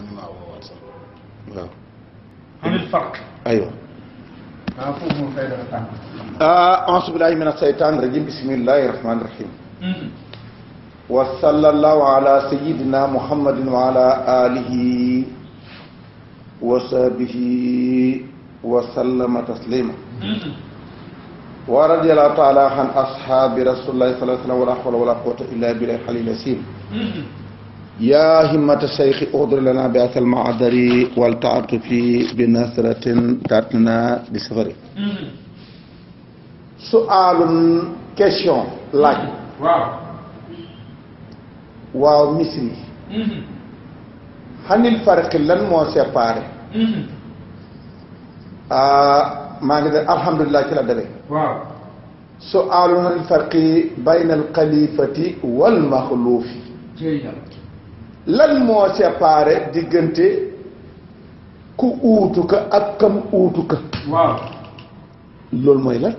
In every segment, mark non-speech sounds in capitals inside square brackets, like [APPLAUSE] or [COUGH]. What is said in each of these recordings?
الجماعة والواتساب نعم عن الفرق أيوه آه، أعوذ بالله من الشيطان الرجيم بسم الله الرحمن الرحيم وصلى الله على سيدنا محمد وعلى آله وصحبه وسلم تسليما ورضي الله تعالى عن أصحاب رسول الله صلى الله عليه وسلم ولا حول ولا قوة إلا بالله الحليم اليسير يا همة الشيخ اغدر لنا بأس المعذر والتعطف بنثرة تاتنا بسفره سؤال كيشن لاي واو واو هل الفرق لن مو سيباري آه، ما قدر الحمد لله كلا دري واو سؤال الفرق بين الخليفة والمخلوف جيدا lan moo séparé diggante ku uutu ka ak kam uutu ka loolu mooy lan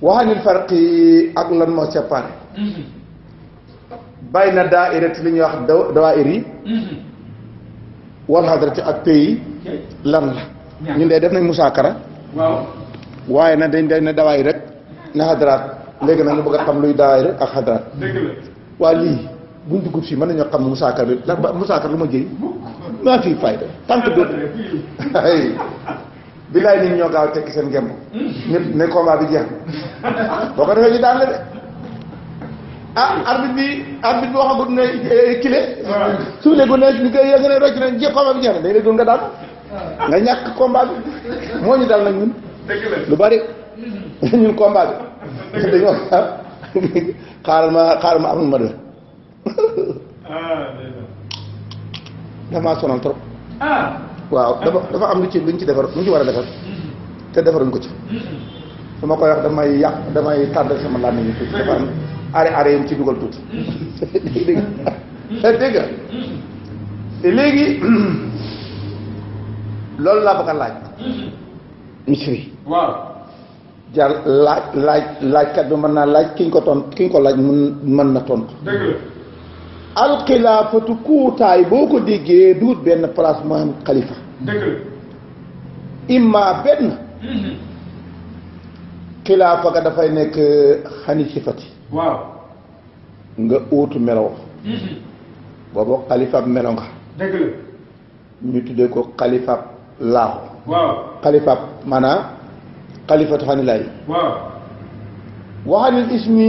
waxanil farqi ak lan moo séparé bàyyi na daa daairati li ñuy wax dawaayir yi wal hadrati ak pays lan la ñun de def nañ musaakara waaw waaye nag dañ dañ ne dawaay rek na xadraat léegi na ñu bëgg a xam luy dawaay rek ak xadraat waa lii buñ dugg si mën nañoo xam Moussa Ka bi lan Moussa Ka lu ma jëriñ maa fii fayda tant que dootu ay bi laay nit ñoo gaaw tekki seen ngemb ñëpp ne combat bi jeex na boo ko defee ñu daan la de ah arbitre bi arbitre bi waxagut ne eh, kile su léegu ne ñu koy yëngu ne rocc na jeex combat bi jeex na day léegul nga daan nga ñàkk combat bi moo ñu dal nag ñun lu bari [LAUGHS] ñun combat bi [LAUGHS] dañoo ah. [LAUGHS] xaaral ma xaaral ma am ma de Ah, damaa sonal ah. trop. waaw dafa dafa am lu ci luñ ci defar luñ ci war a defar. te defaruñ ko ci. su ma koy wax damay yàq damay tàndal sama làmmiñ yi tuuti dafa am aare aare yu mu ci dugal tuuti. dégg nga dégg nga te léegi loolu laa bëgg a laaj. misri. waaw. jaar laaj laaj laajkat bi mën naa laaj ki ko tont ki ko laaj mën na tontu. dëgg la. alxilaafatu kuutaay boo ko déggee duut benn place mooy am xalifa imma benn mm-hmm. xilaafa ga dafay nekk xanisifati euh, waaw nga uutu melaw mm-hmm. boobu xalifaab melo nga ñu tuddee ko xalifaab laaxu xalifaab maanaam xalifatu xanilaay waaw waxanil ismi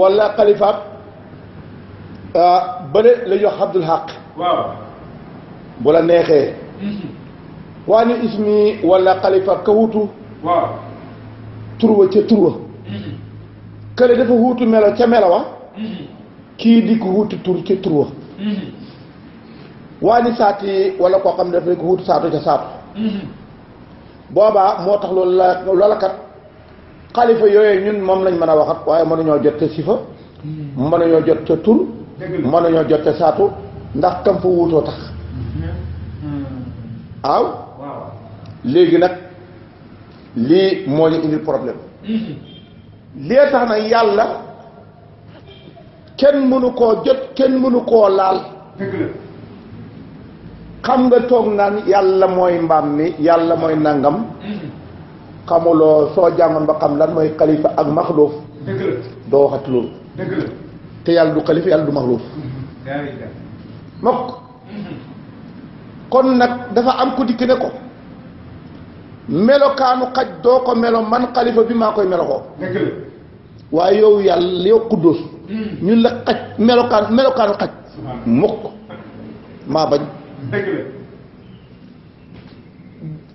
wala xalifaab euh, bële la ñuy wax xabdul bu la neexee waa ni ismi wala xalifa ka wutu waaw turwa ca turwa kële dafa wuutu melo ca melowa wa kii di ko wuutu tur ca turwa waa saati wala koo xam ne dafa ko wuutu saatu ca saatu boobaa moo tax loolu la loola kat xalifa yooyu ñun moom lañ mën a waxat waaye mënuñoo jot ca sifa hmm. mënuñoo jot ca tur mën nañoo jot saatu ndax kam fa wuutoo tax aaw léegi nag lii moo ñu indil problème lee tax na yàlla kenn mënu koo jot kenn mënu koo laal xam nga toog naan yàlla mooy mbaam mi yàlla mooy nangam xamuloo soo jàngoon ba xam lan mooy xalifa ak maxluuf doo waxat loolu te yàlla du xalif yàlla du maxluuf mokk kon nag dafa am ko dikk ne ko melokaanu xaj doo ko melo man xalifa bi maa koy melo ko waaye yow yàll yow kuddóos hmm. ñun la xaj melokaan melokaanu xaj mukk maa bañ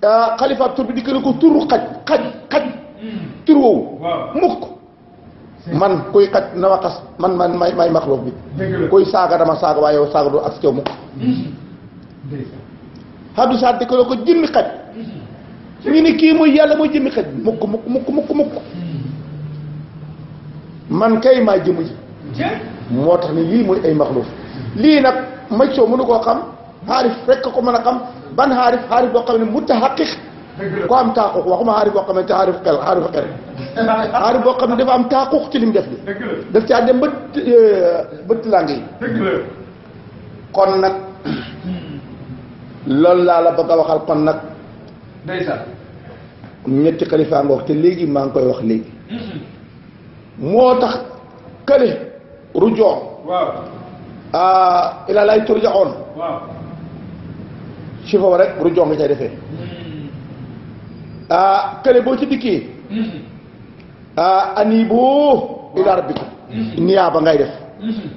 ah, xalifa tur bi dikk ne ko turu hmm. tur woowu mukk man koy xaj na xas man man may may maxluuf bi kuy saaga dama saaga waaye saaga du ak cew mukk xaddu saa dëkkaloo ko jëmmi xaj ñu ni kii mooy yàlla mooy jëmmi xaj mukk mukk mukk mukk mukk hmm. man kay maa jëmu ji moo tax ni lii muy ay maxluuf lii nag maj mënu koo xam xaarif rekk ko mën a xam ban xaarif xaarif boo xam ne mutahaqiq ku am taaqux waxuma xaarif boo xamante xaarif xel xaarif boo xam ne dafa am taaqux ci lim def bi daf caa dem ba bët euh, làng yi kon nag loolu laa la bëgg a waxal kon nag ñetti xalifa nga te léegi maa ngi koy wax léegi moo tax kële rujoo ah, ilaa lay turjaoon si foofu rek rujoo nga cay defee hmm. ah kële boo ci dikkee mhm. ah anibu ila rabbikum mhm. niyaaba ngay def mhm.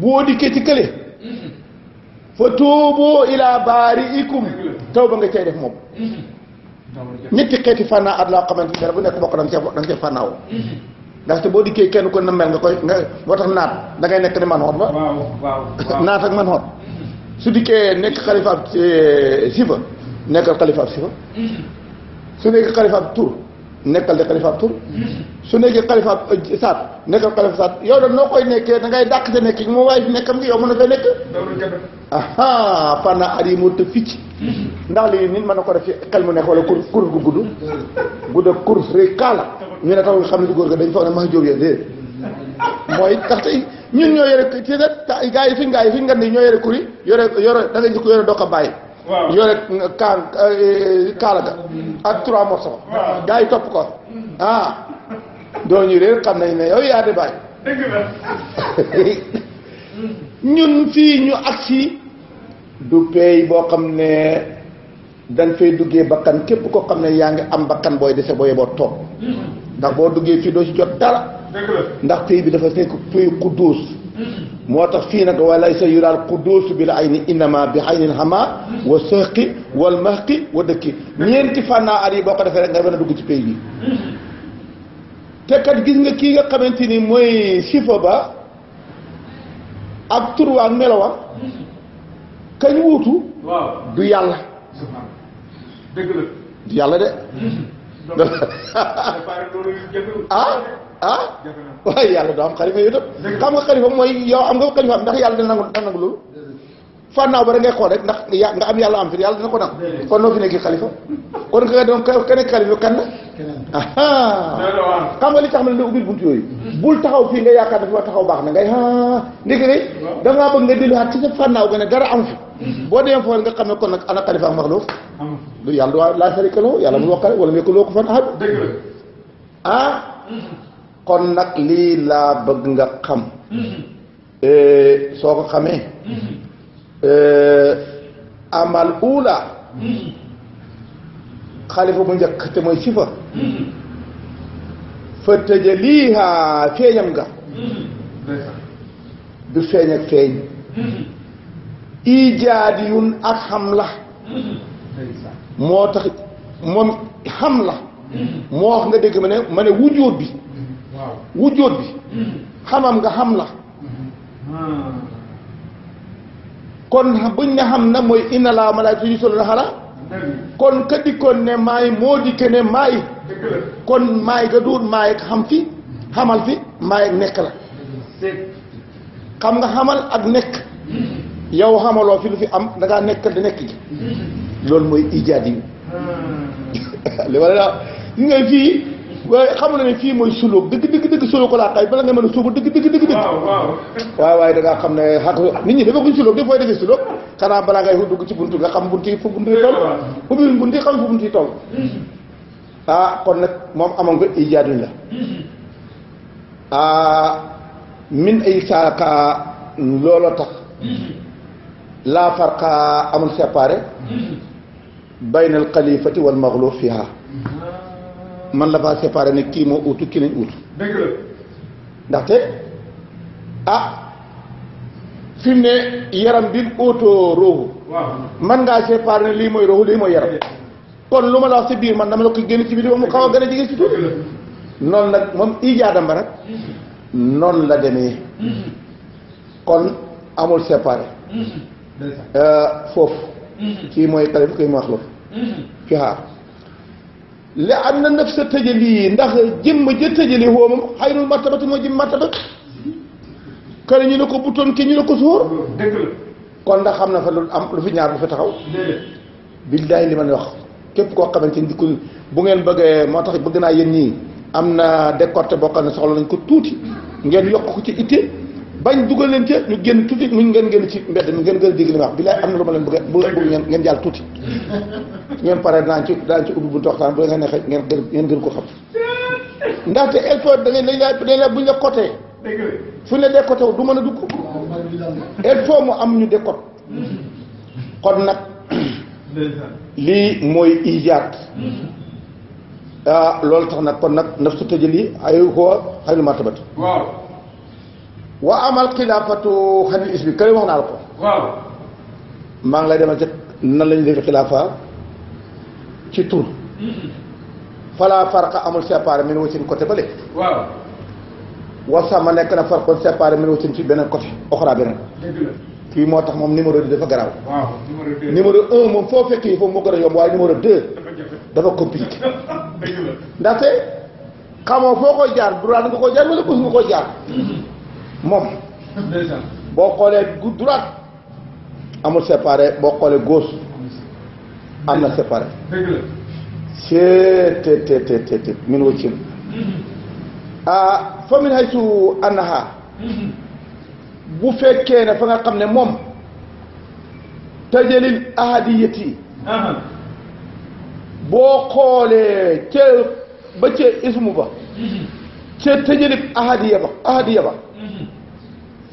boo dikkee ci kële fa tuubu ila baari'ikum taw ba nga cay def moom ñetti xeeti fànnaa at laa xamante ne bu nekk bokk da nga cee da nga cee fànnaawoo boo dikkee kenn ko na mel nga koy nga moo tax naat da nekk ne man ba [LAUGHS] naat ak man su dikkee nekk xalifa eh, sifa nekkal xalifa ab sifa su nekkee xalifa ab nekkal di xalifa ab su nekkee xalifa ab saat nekkal xalifa saat yow da noo koy nekkee da ngay dàq te nekk mu waaye fi nekkam gi yow mën na fee nekk aha panna ari moo te ficc ndax lii nit mën na ko def ci xel mu neex wala kur kur gu gudd gudd ak kur rëy kaala ñu ne tax nga xam ne du góor ga dañ foog ne max jóob yéen déedéet mooy tax tey ñun ñoo yore ci sa gaa yi fi gaa yi fi ngan di ñoo yore kur yi yore yore da yore doo bàyyi yore kaan eh, eh, kaala mm. ak trois morceaux. waaw top ko mm. ah do ñu reer xam nañ ne yow yaa di bàyyi. [LAUGHS] ñun fii ñu agsi du pay boo xam ne dañ fay duggee bakkan képp ko xam ne yaa ngi am bakkan booy dese boo yeboo toog mm. ndax boo duggee fii doo ci jot dara. ndax pay bi dafa nekk pay ku duus. moo tax fii nag walay sa yuraal quddus bil ayni innama bi aynil hama wa sëqi wal mahqi wa dëkki ñeenti fànnaa at yi boo ko defee rek nga mën a dugg ci pays bi te kat gis nga kii nga xamante ni mooy sifa ba ak turwa ak melowa kañ wuutu du yàlla du yàlla de [LAUGHS] ah ah waaye yàlla doo am xalifa yow itam xam nga xalifa mooy yow am nga xalifa ndax yàlla dina nangu dina nangu loolu fànnaaw ba da ngay xool rek ndax nga am yàlla am fi yàlla dina ko nangu kon noo fi nekk xalifa kon ka doon ka nekk xalifa kan la xam nga li tax ma ne la ubbil bunt yooyu bul taxaw fii nga yaakaar ne fi wax taxaw baax na ngay a ndiki da dangaa bëgg nga delluwaat ci sa fànnaaw nga ne dara am fi boo dee foofu nga xam ne kon nag ana xalifa maxluuf lu yàlla du waa laa sarika lahu yàlla mu wax mu yekk loo ko fan ahad ah, kon nag lii laa bëgg nga xam mm-hmm. eh, soo ko xamee mm-hmm. eh, amal uula xalifa mm-hmm. bu njëkk te mooy sifa fa tëja lii feeñam nga du feeñ feeñ ijaadiyun ak xam la moo tax moom xam la moo wax nga dégg ma ne ma ne wujjóot bi wujjóot bi xamam nga xam la kon buñ ne xam na mooy inna laa malaayka yu solo na xala kon ka dikkoon ne maay moo dikke ne maay kon maay ga duut maay xam fi xamal fi maay nekk la xam nga xamal ak nekk yow xamaloo fi lu fi am da ngaa nekk da nekk ji loolu mooy ijaad yi hmm. [LAUGHS] li ma la ñu ngay fii xam na fii mooy suluk dëgg dëgg dëgg suluk laa xay bala nga mën a suubu dëgg dëgg dëgg dëgg waaye da xam ne xaq nit ñi defaguñ suluk daf fooy defee suluk xanaa balaa ngay dugg ci buntu nga xam buntu yi fu buntu yi toll fu mu buntu yi xam fu buntu yi toll ah nag moom amoon ko ijaadin la hmm. ah min ay saaka looloo tax laa farqa amul séparé bayna al xalifati wal maxluuf fiha man la faa séparé ne kii moo uutu kii nañ uutu ndaxte ah fi mu ne yaram bi ootoo roohu man ngaa séparé ne lii mooy roohu lii mooy yaram kon lu ma la wax si biir man dama la ko génn ci biir wax mu xaw a gën a jege si tuuti noonu nag moom ijaadam ba nag noonu la demee mm-hmm. kon amul séparé mm-hmm. Euh, foofu kii mooy talif kii maxluf fi xaar li am na naf sa tëjali ndax jëmm ja tëjali woo moom xayrul martabati moo jëm martaba kër ñu ne ko butoon ki ñu ne ko suur kon ndax xam na fa lu am lu fi ñaar lu fi taxaw billaay li ma man wax képp koo xamante ni ku bu ngeen bëggee moo tax bëgg naa yéen ñii am na décorté boo xam ne soxla lañ ko tuuti ngeen yokk ko ci itte bañ dugal leen ca ñu génn tuuti mu ngeen génn ci mbedd mi ngeen gën a dégg li ma wax am na lu ma leen bëgg bëgg ngeen ngeen jàll tuuti ngeen pare daan ci daan ci ubbi buntu waxtaan bu ngeen neexee ngeen gën ngeen gën ko xam ndaxte airport da ngay dañ laa dañ laa buñ la côté fu ne décoté wu du mën a dugg il faut mu am ñu décote kon nag lii mooy ijaat ah loolu tax nag kon nag naf su tëjël yi ay xoo xay lu martabat waaw wa amal xilaafatu xanil isbi kële wax naa la ko. waaw. maa ngi lay demal ci nan la ñuy def xilaafa ci tur. fala farqa amul séparé min wasin côté bële. waaw. wasaama nekk na farqoon séparé min wasin ci beneen côté oxra beneen. dëgg kii moo tax moom numéro bi dafa garaaw. waaw numéro deux. numéro un moom foo fekkee foofu moo gën a yomb waaye numéro deux. dafa compliqué. [LAUGHS] ndaxte xamoo foo koy jaar droit nga koy jaar wala gauche nga koy jaar. [LAUGHS] moom boo xoolee gu droite amul séparé boo xoolee gauche am na séparé cee te te te te te min wëccin mhm. ah fa min haytu annaha mhm. bu fekkee ne fa nga xam ne moom tajalil ahadiyati boo xoolee ca ba ca ismu ba mhm. ca tajalil ahadiya ba ahadiya ba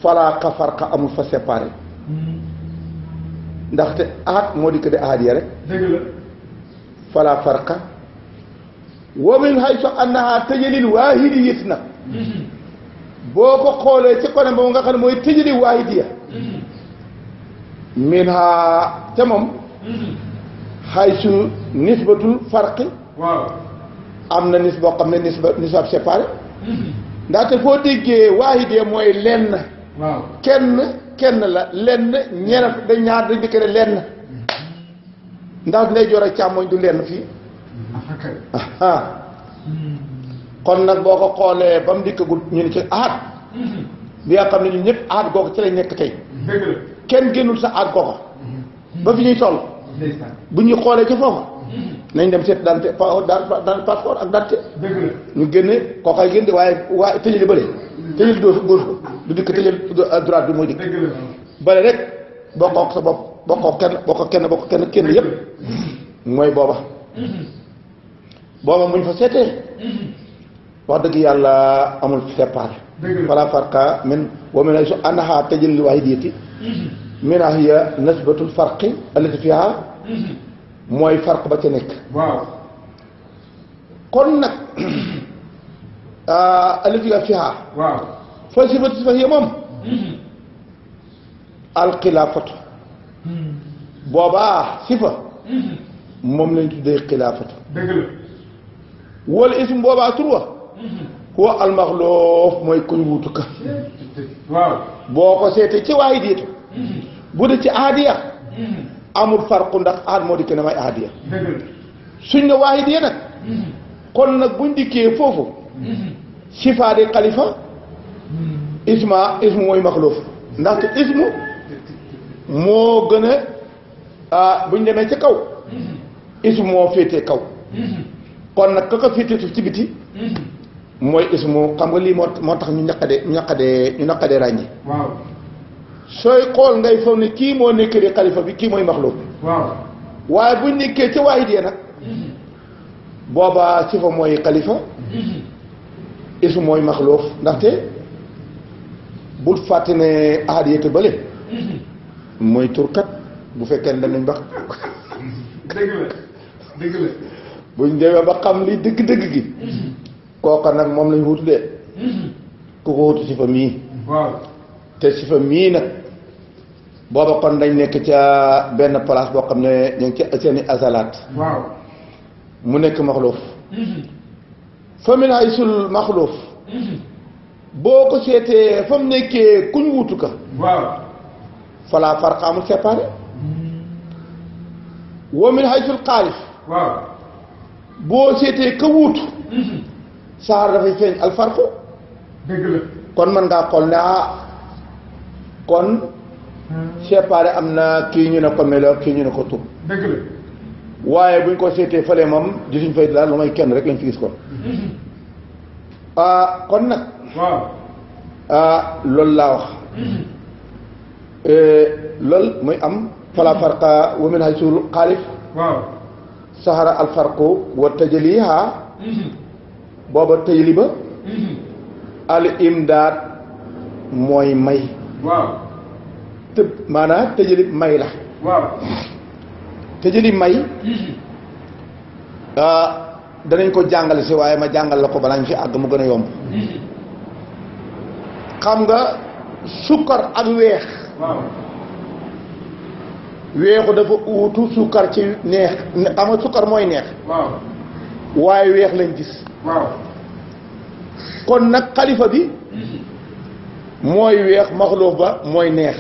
falaaqa farqa amul fa séparé ndaxte ahad moo di ko di ahad ya rek dëgg la falaa farqa wa min haytu annaha tëjalil waahidiyat nag boo ko xoolee ci kone boobu nga xam ne mooy tëjali waahidiya min ha te moom haytu nisbatul farqi waaw am na nis boo xam ne nisba nisab séparé ndaxte foo déggee waahidiya mooy lenn waaw kenn kenn la lenn ñeena da ñaar dañ dikkee lenn ndax ndeyjoor ak càmmoñ du lenn fii kon nag boo ko xoolee ba mu dikkagul ñu ne ci aat bi nga xam ne ñu ñëpp aat googu ci lañ nekk tey kenn génnul sa aat googu ba fi ñuy toll bu ñuy xoolee ci foofa nañ dem seet daan daan passeport ak daan ñu génne kookaay génne waaye waaye tëjee bële tëjal doo góor du dikk tëjal droite bi mooy dikk bare rek bokkoo sa bopp bokkoo kenn bokkoo kenn bokkoo kenn kenn yépp mooy booba booba muñ fa seetee wax dëgg yàlla amul séparé fala farqa min wa min aysu annaha tajri li wahidiyati min hiya nasbatul farqi allati fiha mooy farq ba ca nekk kon nag allati fiha waaw fa sifatu fa hiya moom alxilaafatu boobaa sifa moom lañ tuddee xilaafatu dëgg la wala ism boobaa tur wa huwa almaxloof mooy kuñ wuutu ka waaw boo ko seetee ci waay diitu bu dee ci aadiya amul farqu ndax aad moo dikkee ne may aadiya suñ ne waay diya nag kon nag buñ dikkee foofu sifa di xalifa isma ismu mooy maxluuf ndaxte ismu moo gën a ah, buñ demee ca kaw ismu moo féete kaw kon nag ka ko féete suuf ci biti mooy ismu xam nga lii moo moo tax ñu ñaqade ñu ñaqade ñu ñaqade ràññi sooy xool ngay foog ne kii moo nekk di xalifa bi kii mooy maxloo waaw waaye buñ nekkee ca waayit yee nag booba sifa mooy xalifa ismu mooy maxluuf ndaxte bul fàtte ne aadiyete bële mooy turkat bu fekkee ne danañ ba dëgg la dëgg buñ demee ba xam li dëgg-dëgg gi kooka nag moom lañ wutu de ku ko wutu si fa mii waaw te si fa mii nag booba kon dañ nekk ca benn place boo xam ne ñu ngi ci seeni asalaat mu nekk maxluuf mhm. fa min haysul maxluuf boo ko seetee fa mu nekkee kuñ wutu ka waaw fala farqa amul séparé wa min haysul xaalif boo seetee ka wuutu mhm. saar dafay feeñ alfarqu dëgg la kon mën ngaa xool ne ah kon séparé hmm. am na kii ñu ne ko melo kii ñu ne ko tur waaye buñ ko seetee fële moom gisuñ fay daal lu may kenn rek lañ fi gis kon [LAUGHS] ah kon nag ah loolu laa wax [LAUGHS] eh, loolu muy am fala farqa wa min haysul xaalif sahara al farqu wa tajaliha [LAUGHS] booba tëjali ba al imdaad mooy may tëb maanaam tëjali may la te jëli may mhm. ah, danañ ko jàngale si waaye ma jàngal la ko balaa ñu ci àgg mu gën a yomb mhm. xam nga sukkar ak weex weexu dafa uutu sukkar ci neex xam nga sukkar mooy neex waaye weex lañ gis kon nag xalifa bi mhm. mooy weex maxluuf ba mooy neex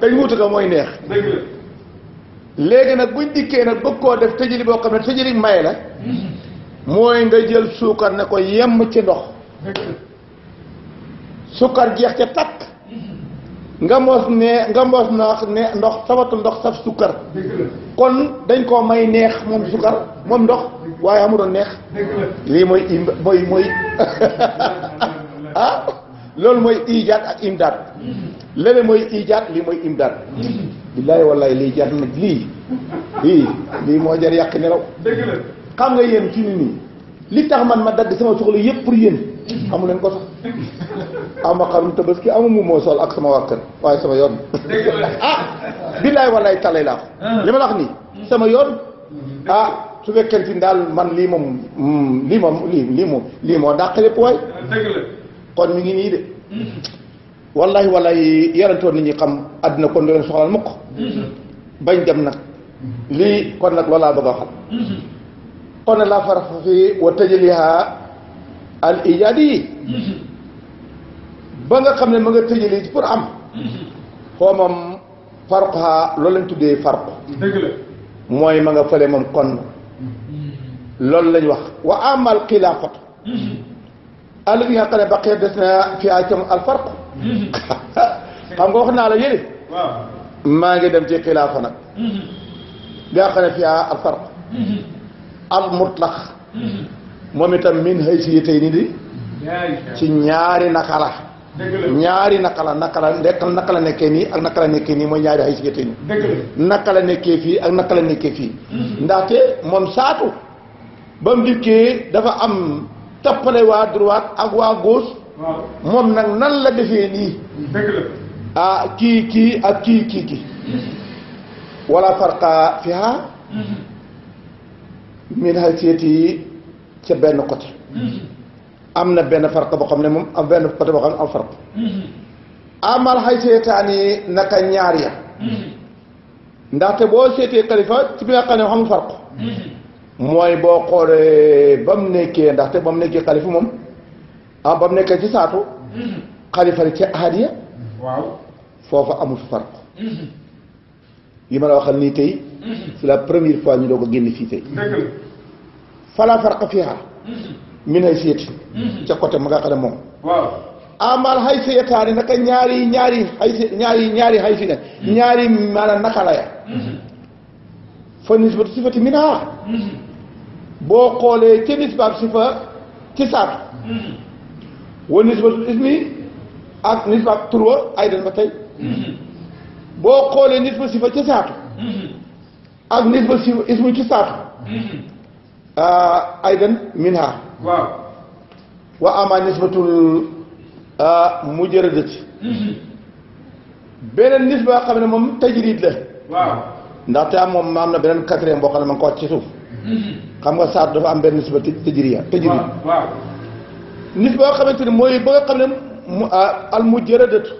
dañ wutu ko mooy neex léegi nag buñ dikkee nag bëgg koo def tëjëli boo xam ne tëjëli may la mooy nga jël suukar ne ko yemm ci ndox suukar jeex ca takk nga mos ne nga mos ndox ne ndox sabatu ndox saf sukar kon dañ ko may neex mom sukar mom ndox waye amu do neex li moy mooy moy ah loolu mooy ijaat ak imdaat lële mooy ijaat lii mooy imdaat billaay wallaay lii jar nag lii lii moo jar yàq nelaw dëgg la xam nga yéen ci ni nii li tax man ma dagg sama soxla yëpp pour yéen xamu leen ko sax ama xarum tabaski ama mu moo sol ak sama waa kër waaye sama yoon ah billaay wallaay talay ah. li ma la nii sama yoon ah su fekkente ni daal man lii moom mm, lii moom lii lii moom lii moo dàq lépp waay dëgg la kon mi ngi nii de wallahi wallahi yarantoon nit ñi xam àddina kon du leen soxlaal mukk bañ dem nag lii kon nag loolaa bëgg a xam kon nag laa farax fi wa tëjaliha al ijaadi ba nga xam ne ma nga tëjali pour am foo moom farquha loolu lañ tuddee farqu dëgg mooy ma nga fële moom kon loolu lañ wax wa amal xilaafatu àll bi nga xam ne baqee des na fi ay tam alfarq xam nga wax naa la yële maa ngi dem ci xilaafa nag bi nga xam ne fi a alfarq al mutlaq moom itam min hay si tey ni di ci ñaari naka ñaari naka la naka la ndek la nekkee nii ak naka la nekkee nii mooy ñaari hay si tey nii naka la nekkee fii ak naka la nekkee fii ndaxte moom saatu ba mu dafa am tappale waa droite ak waa gauche. moom nag nan la defee nii. ah kii kii ak kii kii kii. wala farqa fiha. min haysieti yi ca benn côté. am na benn farq boo xam ne moom am benn côté boo xam ne am farq. ñaar ya. ndaxte boo seetee xalifa ci bi nga xam ne amul farq. mooy boo xoolee ba mu nekkee ndaxte ba mu nekkee xalifa moom ah ba mu nekkee ci saatu xalifa ci aadiya waaw foofa amul farq mhm. yi ma la waxal nii tey mhm. c'est la première fois ñu doog a génn fii tey fala farq fiha mhm. min ay seeti ca côté ma nga xam ne moom waaw amal ah, xay si yetaani ñaari ñaari xay si ñaari ñaari xay naka la fa nisbatu sifati minha mm-hmm. boo xoolee ca nisbaab sifa ci saatu mm-hmm. wa nisbatu ismi ak nisbaab turwa ay den ba tey mm-hmm. boo xoolee nisba sifa ci saatu ak nisba sifa ismi ci saatu ah, ay den minha waaw wa ama nisbatul ah, mujarradati beneen nisba xam ne moom tajrid la waaw ndaxte am moom am na beneen quatrième boo xam ne ma ngi ko xam nga saat dafa am benn nisba tëjëriya tëjëri waaw nis ba nga xamante ni mooy ba nga xam ne mu ah, al mujarradatu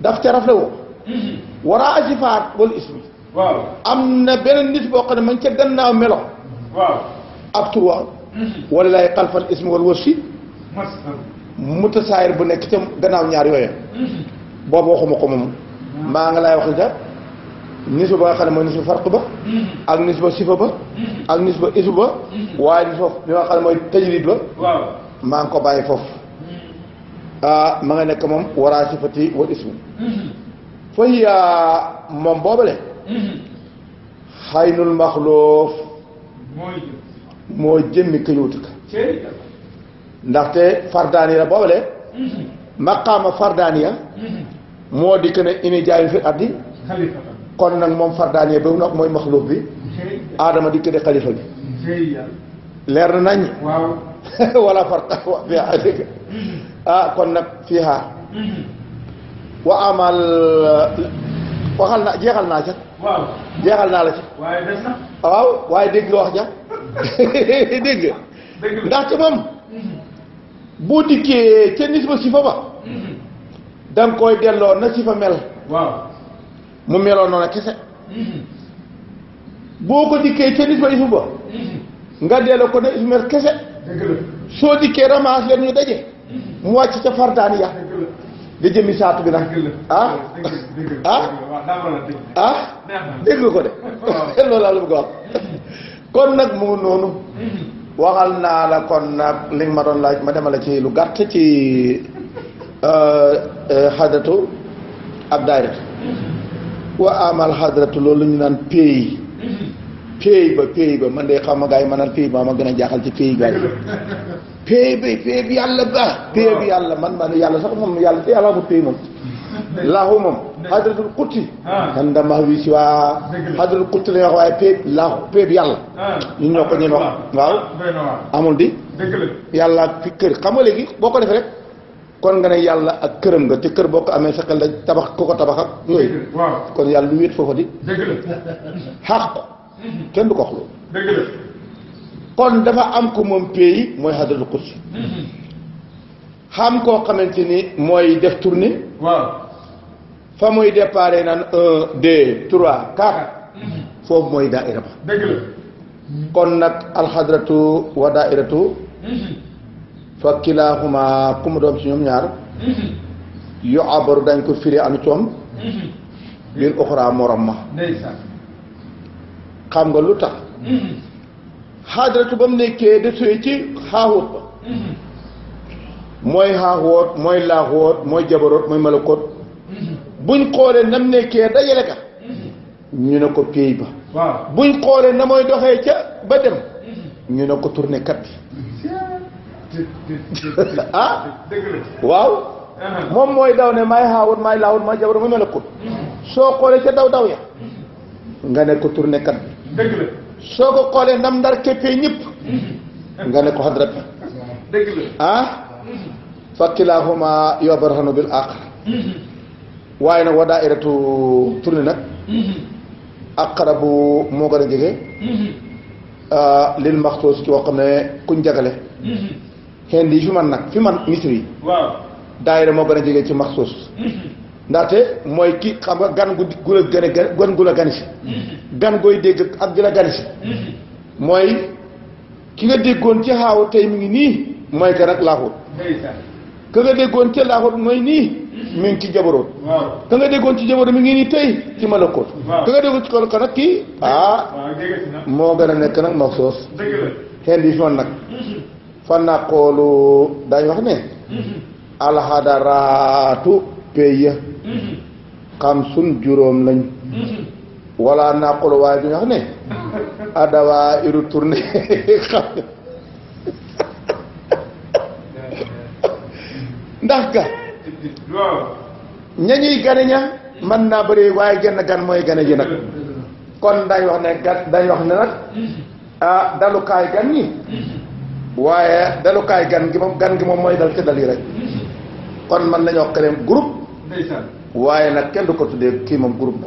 daf ca rafle woo waraa asifaat wala am na beneen nit boo xam ne ma ngi ca gannaaw melo waaw ab tur waaw wala lay xalfal ismi wala wasi mutasaayir bu nekk ca gannaaw ñaar yooya mm-hmm. boobu waxuma ko mm-hmm. maa nga laay wax da nisba ba nga xam ne mooy nisba farq ba mm-hmm. ak nisba sifa ba mm-hmm. ak nisba isu ba mm-hmm. waaye nisba bi nga xam ne mooy tajrid ba maa ngi ko bàyyi foofu ah nga nekk moom waraa sifati wal ismu fa hiya moom boobale xaynul maxloof moo jëmmi ka ñëwtu ka ndaxte fardaaniya boobale maqaama fardaaniya moo di ne ini jaayu fi addi kon nag moom fardaanee ba mu mooy maxluuf bi aadama di tëddee xalifa bi leer na nañ [LAUGHS] wala farqa fi ah kon nag fiiha wa amal waxal naa jeexal naa ca jeexal naa la ca waaw waaye dégg nga wax ja [LAUGHS] dégg ndax ca moom mm-hmm. boo dikkee ca nisba sifa ba mm-hmm. danga koy delloo na sifa mel mu meloon noonu kese boo ko dikkee ca nit fa ifu ba nga delloo ko ne ifu mer kese soo dikkee ramaas leen ñu daje mu wàcc ca fardaan ya di jëmi saatu bi nag ah ah, ah? dégg ko de [LAUGHS] loolu [LAUGHS] kon nag mu noonu mm-hmm. waxal naa la kon nag li nga ma doon laaj ma demale ci lu gàtt ci xadratu ab daayira waa amal xadratu loolu ñu naan pay pay ba pay ba man de xam ma gars yi ma naan pay ba ma gën a jaaxal ci pay gars pay ba pay bi yàlla ba pay bi yàlla man yàlla sax moom yàlla te yàlla amul moom laaxu moom xadratul xutti kan dama wi si waa xadratul la ñu wax waaye pay ñoo ko ñeen wax waaw amul di yàlla fi kër xam nga léegi boo ko defee rek kon nga ne yàlla ak këram nga te kër boo amee sa xel dañ tabax ku ko tabax ak yooyu kon yàlla lu wéet foofa di dëgg la kenn du ko wax kon dafa am ko moom pays mooy hadratul kursi xam koo xamante ni mooy def tournée fa muy déparé naan un deux trois quatre foofu mooy daaira ba dëgg la kon nag alxadratu wa daairatu mhm. fa kilaaxuma ku mu doom ci ñoom ñaar mm-hmm. yu abaru dañ ko firi anu biir uxraa morom ma xam nga lu tax mm-hmm. xaajaratu ba mu nekkee de ci xaaxut ba mm-hmm. mooy xaaxoot mooy laaxoot mooy jabaroot mooy malakoot buñ xoolee nam nekkee dajale ka ñu ne ko piey ba buñ xoolee na mooy doxee ca ba dem ñu ne ko tourné kat waaw moom mooy daw ne may xaawut may laawul may jabar muy melakut soo xoolee ca daw daw ya nga ne ko tourné kat bi soo ko xoolee ndam ndar képpee ñëpp nga ne ko xadra bi ah fa kilahuma yobarhanu bil aqr waaye nag wa daairatu tourné nag bu moo gën a jege lil maxtuus ci wax xam ne kuñ jagale xend fi man nag fi man misri yi waaw moo gën a jege ci maxsuus [COUGHS] ndaxte mooy ki xam nga gan gu gu la gën gan gu la [COUGHS] gan si gan gooy dégg ak di la gan si [COUGHS] mooy ki nga déggoon ci xaaw tey mu ngi nii mooy que nag laaxut ka nga déggoon ca laaxut mooy nii mi ngi ci jabaroot ka nga déggoon ci jabaroot mi ngi nii tey ci malakoot ka nga déggoon ci kol ka nag kii ah moo gën a nekk nag maxsuus xend yi fi man nag fa naqoolu dañ wax ne alxadaraatu pey ya xam sun juróom lañ wala naqoolu waaye duñ wax ne adawaa iru tourné xam ndax ga ñañuy gane ña mën naa bëri waaye genn gan mooy gane ji nag kon dañ wax ne gan dañ wax ne nag ah dalukaay gan ñi waaye dalukaay gan gi moom gan gi moom mooy dal ci dal yi rek kon mën nañoo créer groupe. ndeysaan waaye nag kenn du ko tuddee kii moom groupe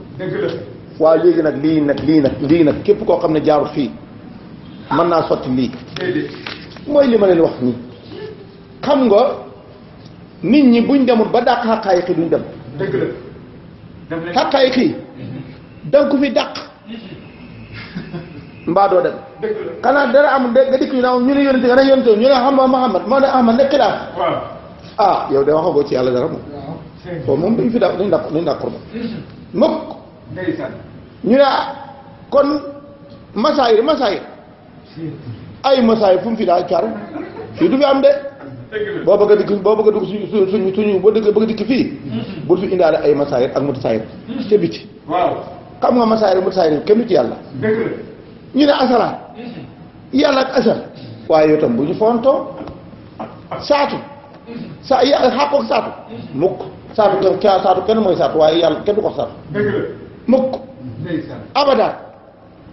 waa léegi nag lii nag lii nag lii nag képp koo xam ne jaaru fii mën naa sotti lii. mooy li ma leen wax nii. xam nga nit ñi buñ demul ba dàq xaqaay xi duñ dem. dëgg la. xaqaay xi mhm. da ko fi dàq. [LAUGHS] mbaa doo dem. xanaa dara amul de nga dikk ñu naan ñu ne yónente nga ne ñu ne xam nga moo ne Ahmad nekk kilaaf. ah yow de waxagoo ci yàlla dara moom. waaw moom duñ fi da duñ ñu ne kon masaayir masaayir ay masaayir fu mu fi daal caar fii du fi am de. boo bëgg a dugg boo bëgg a su suñu suñu suñu boo dëgg bëgg a dikk fii mm-hmm. bul fi indaale ay masaayir ak mutasaayir mm-hmm. ca biti waaw xam nga masaayir mutasaayir kenn du ci yàlla ñu ne asalaat yàlla ak asal waaye yow tam bu ñu fontoo saatu sa yàlla xàqoog saatu mukk saatu kenn saatu kenn mooy saatu waaye yàlla kenn du ko saatu mukk abadaat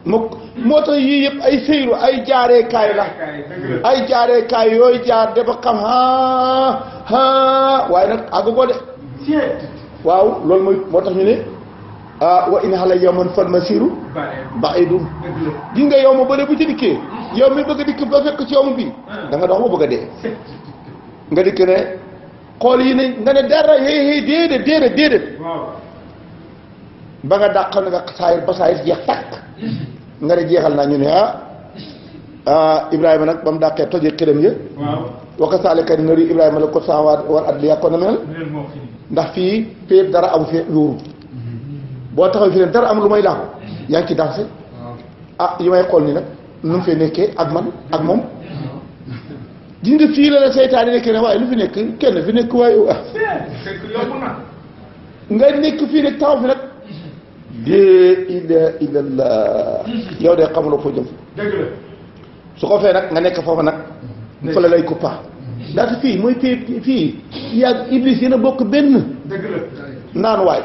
mukk moo tax yii yëpp ay sëyru ay jaareekaay la ay jaareekaay yooyu jaar dafa xam haa haa waaye nag àgg ko de waaw loolu mooy moo tax ñu ne Ah, wa in xale yowman fan masiru baidum gis nga yow ma bële bu ci dikkee yow mi bëgg a dikk ba fekk ci yowm bi da nga dox ba bëgg a dee nga dikk ne xool yi ne nga ne dara hey hey déedéet déedéet ba nga dàq na nga saayir ba saayir jeex tàkk nga ne jeexal naa ñu ne ah, ah ibrahima nag ba mu dàqee tojee xiram ya waka saalika nari ibrahima la ko sa war at li yàkkoon na mel ndax fii fépp dara amu fi luuru boo taxaw fi ne dara am lu may laaxu yaa ngi ci dansé ah yi ah may xool ni nag nu mu fee nekkee ak man ak moom di nga fii la la seytaane nekkee ne waaye lu fi nekk kenn fi nekk waaye nga nekk fii nag taxaw fi nag dee ila ilallah de xamuloo foo jëm su ko fee nag nga nekk foofu nag fa la lay kuppa ndax fii mooy fii fii yàgg iblis yéen a bokk benn naan waay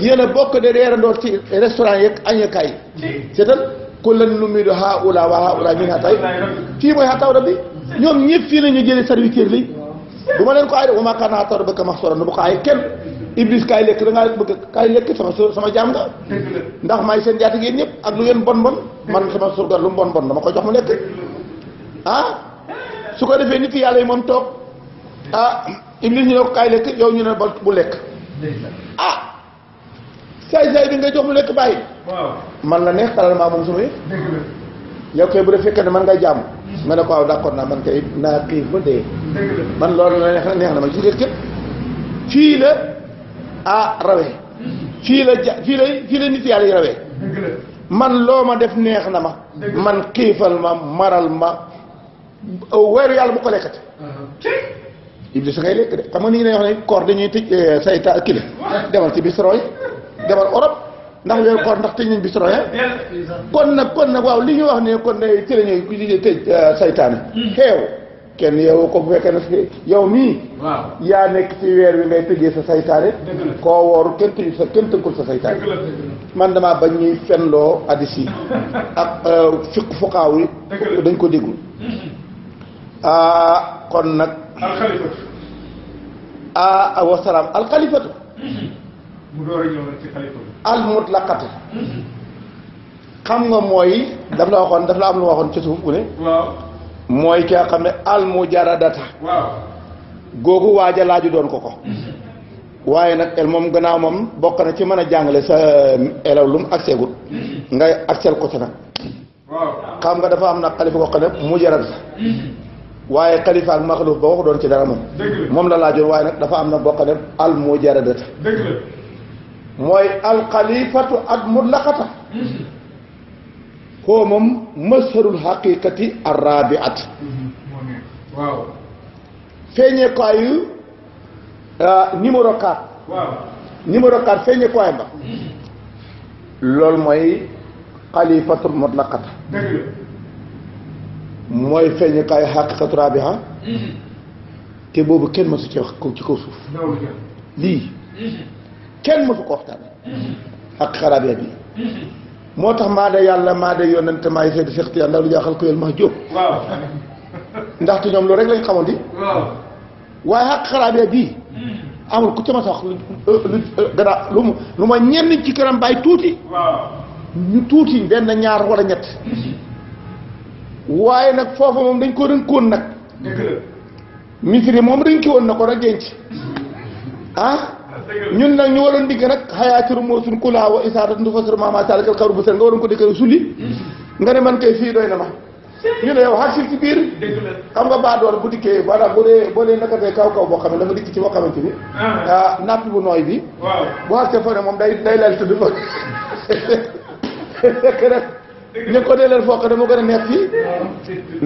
yena a bokk de ndor ci restaurant yeeg añakaay seetal kullan numidu haula wa haula min hatay fii mooy hataw rabbi ñom ñepp fi lañu jëlé serviteur li buma len ko ay wa ma kana kama nu ko ay iblis kay lek da nga bëgg kay lek sama sama jam nga ndax may seen jatt gi ñepp ak lu ngeen bon bon man sama surga lu bon bon dama ko jox mu lek ah su ko defé nit yàlla yi moom ah iblis ñu ko kay lek yow ñu ne bu lek ah saay saay bi ngay jox mu lekk bàyyi. man la neex xalal maa moom su ma yëg. yow bu dee fekkee ne man ngay jàmm. nga ne ko waaw naa man naa xiif ba dee. man loolu la neex na neex na ma fii la ah rawee. fii la ja fii la man loo ma def neex na ma. man xiifal ma maral ma weeru yàlla bu ko lekkati. Uh-huh. iblis ngay lekk de xam nga lay wax ne koor dañuy tëj eh, sayta kii la demal ci bistroo yi demal Europe ndax yooyu koor ndax tey ñu bi royal kon na kon na waaw li ñu wax ne kon ne ci la ku jige tëj euh, saytane xew kenn yow ko bu fekkee fi yow mi ya nek ci weer wi ngay tëjee sa saytane ko wor kenn tëj sa kenn ko sa saytane man dama bañ ñuy fenloo addis [LAUGHS] ak euh, fiq fuqaaw yi dañ ko deggul mm-hmm. ah kon khalifatu ah al khalifatu mm-hmm. mu door a ñëw xam nga mooy daf la waxoon daf la am lu waxoon ci suuf ku ne mooy ki nga xam ne al mujaradata waaw googu waaja laaju doon ko ko waaye nag el moom gannaaw moom bokk na ci mën a jàngale sa elaw lum accès gut nga accès ko ci nag xam nga dafa am na xalifa ko xam ne mujarad la waaye xalifa ak maxluuf ba waxu doon ci dara moom moom la laajoon waaye nag dafa am na boo xam ne al mujaradata mooy alxalifatu ak mutlaqata koo moom masharul xaqiqati arrabiat waaw feeñeekaayu euh, numéro 4 waaw numéro 4 mooy xalifatul mutlaqata mooy feeñekaayu xaqiqatu rabiha mm-hmm. te boobu kenn mësu ci wax ci kaw suuf lii mm-hmm. kenn mësu ko waxtaan ak xaraabee bi moo tax maa de yàlla maa de yonent maa yi seeti sextiya ndaw lu jaaxal ko yel max jóob waaw ndaxte ñoom loolu rek lañ xamoon di waaye ak xaraabee bii amul ku ci ma sax lu gannaaw lu mu lu ma ñenn ci këram bàyyi tuuti ñu tuuti benn ñaar wala ñett waaye nag foofu moom dañ koo rënkoon nag misiri moom rënki woon na ko rek denc ah ñun nag ñu waroon digg nag xayaaturu moo suñ kulaa wa isaata ndu fasur maama salikal xaru bu seen nga waroon ko nga ne man kay fii doy na ma ñu ne yow xaasil ci biir xam nga baadoor bu dikkee voilà bu dee boo dee nakatee kaw kaw boo ne boo xamante ni ah, ah nappi bu nooy bi bu xasee foo ne moom day day lal tudd fa fekk [LAUGHS] nag ko dee leen fokk dama gën a nekk fii ah,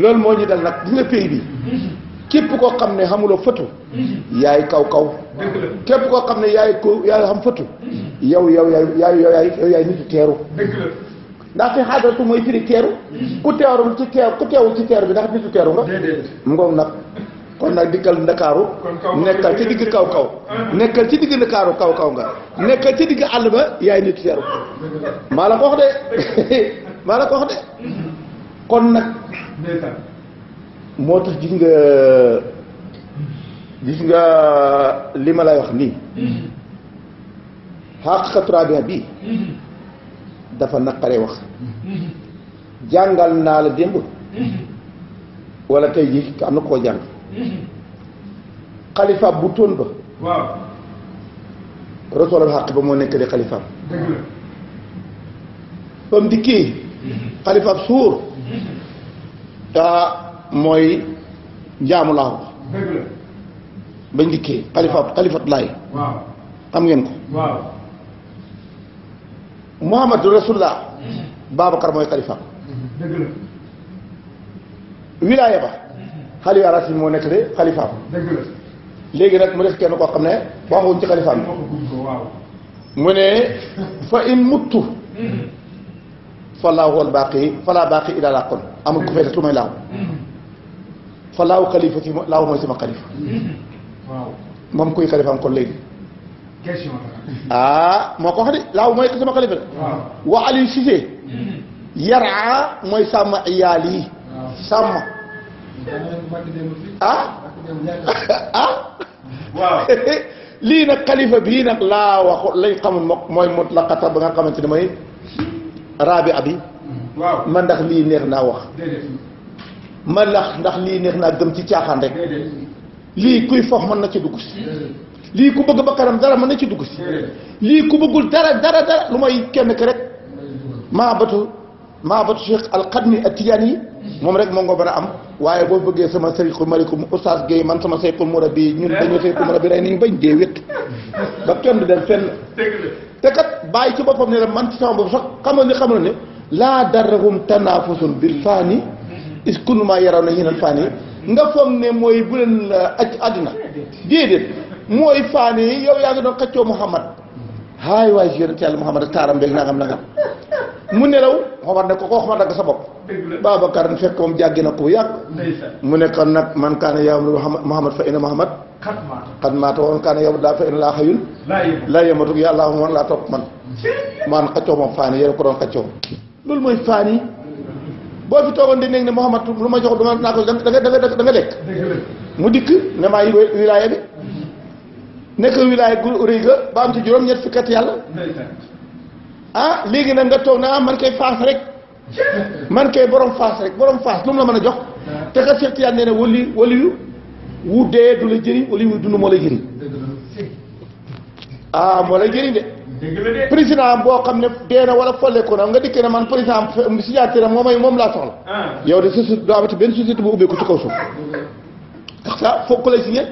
loolu moo ñu dal nag gis nga pays bi mm-hmm. képp koo xam ne xamuloo fëtu yaay kaw kaw képp koo xam ne yaay ko yaay xam fëtu yow yow yaay yaay yow yaay nit teeru ndaxte xaadaratu mooy firi teeru ku teerul ci ku teewul ci teer bi ndax nitu teeru nga ngoog nag kon nag dikkal ndakaaru nekkal ci digg kaw kaw nekkal ci digg ndakaaru kaw kaw nga nekkal ci digg àll ba yaay nit teeru maa la ko wax de [LAUGHS] maa la ko de kon nag moo tax gis nga gis nga li ma lay wax nii xaqiqatu rabiha bi dafa naqare wax jàngal naa la démb wala tey jii am na koo jàng xalifa bu tóon ba waaw xaq ba moo nekk di xalifaam ba mu mm-hmm. xalifaab suur mm-hmm. mooy jaamu laaw bañ dikkee xalifa xalifat laay ngeen ko muhammadu rasulullah Babacar mooy xalifa wilaaya ba xalifa rasul moo nekk de xalifaam léegi nag mu def kenn koo xam ne waxuñ ci xalifaam mu ne fa in muttu [LAUGHS] fa laahu wal baaqi fa laa baaqi ilaa amul ku feetes lu may laaw [LAUGHS] fa laaw xalifa si laaw mooy sama xalifa waaw moom kuy xalifaam kon léegi ah moo ko wax de laaw mooy sama xalifa de wa Aliou Cissé mm-hmm. yaraa mooy sàmm iyaal yi sàmm ah [LAUGHS] ah waaw [LAUGHS] lii nag xalifa bii nag laa wax lañ xamul mo mooy mot la xatar ba nga xamante ne mooy raabi abi man ndax lii neex naa wax ma lax ndax lii neex naa gëm ci caaxaan rek lii kuy fox mën na ci dugg si lii ku bëgg ba kanam dara mën na ci dugg si lii ku bëggul dara dara dara lu may kenn ki rek maa batu maa batu Cheikh alxadmi atijaan yi moom rek moo nga mën a am waaye boo bëggee sama sëriñ malikum oustaz Guèye man sama saytu mura bi ñun dañu saytu mura bi rey nañu bañ dee wét ba kenn du dem fenn te kat bàyyi ci boppam ne la man ci sama bopp sax xamal ni xamal ne laa darahum tanaafusun bil faani is kunuma yaraw na hinan a yi nga foog ne mooy bu leen uh, aj àddina déedéet mooy faan yi yow yaa ngi doon xaccoo Muhammad haay waay si yonent yàlla Muhammad taaram beeg nangam nangam mu nelaw Omar ne ko koo xamal dagg sa bopp Babacar n fekk moom jàggi na ko yàgg mu ne kon man kaana yawmu Muhammad fa inna Muhammad xat maata woon kaana yawmu daa fa inna laa xayun laa yematu yàlla man laa topp man man xaccoo moom faan yi ko doon xaccoo loolu mooy faan boo fi toogoon di nekk ne Mouhamad lu ma jox dama naa ko da nga da nga da nga lekk. mu dikk ne maa yi wilaaya bi nekk wilaaya gu rëy ga ba am ci juróom-ñett fukki yàlla. ah léegi nag nga toog na ah man kay faas rek. man kay borom faas rek borom faas lu mu la mën a jox. te ka seet yàlla nee na wali waliyu wu dee du la jëriñ waliyu wu dund moo lay jëriñ. ah moo lay jëriñ de. président boo xam ne dee na wala folleeku na nga dikkee ne man président signature am moom moom laa soxla. Ah. yow de société doo amati benn société bu ubbeeku ci kaw suuf. ndax ça foog ko lay signé.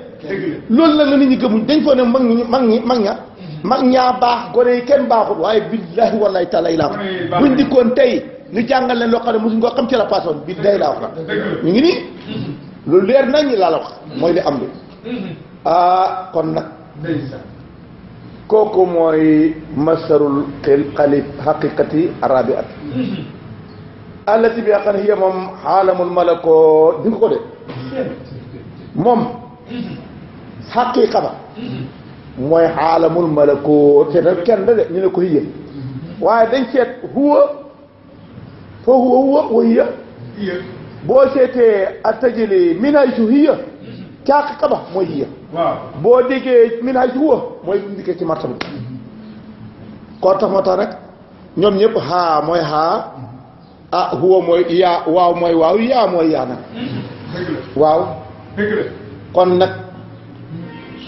loolu la nit ñi gëmuñ dañ foo ne mag ñi mag ñi mag ña. mag ñaa baax gone kenn baaxul waaye billaahi wallaahi taala yi laa ko buñ dikkoon tey ñu jàngal leen loo xam ne mosuñ koo xam ci la paasoon billaahi laa ko ñu ngi nii lu leer nañ laa la wax mooy li am bi ah kon nag kooku mooy masarul xalib xaqiqati arabi at allati bi xam ne hiya moom xaalamul malakoo di nga ko de moom xaqiqa ba mooy xaalamul malakoo te nag kenn da de ñu ne ko hiya waaye dañ seet huwa fa huwa huwa wa hiya boo caaq kaba mooy hiya boo déggee minhaj huwa mooy indiqué ci martaba bi koo tax moo tax rek ñoom ñëpp xaa mooy xaa ah huwa mooy yaa waaw mooy waaw yaa mooy yaa nag waaw kon nag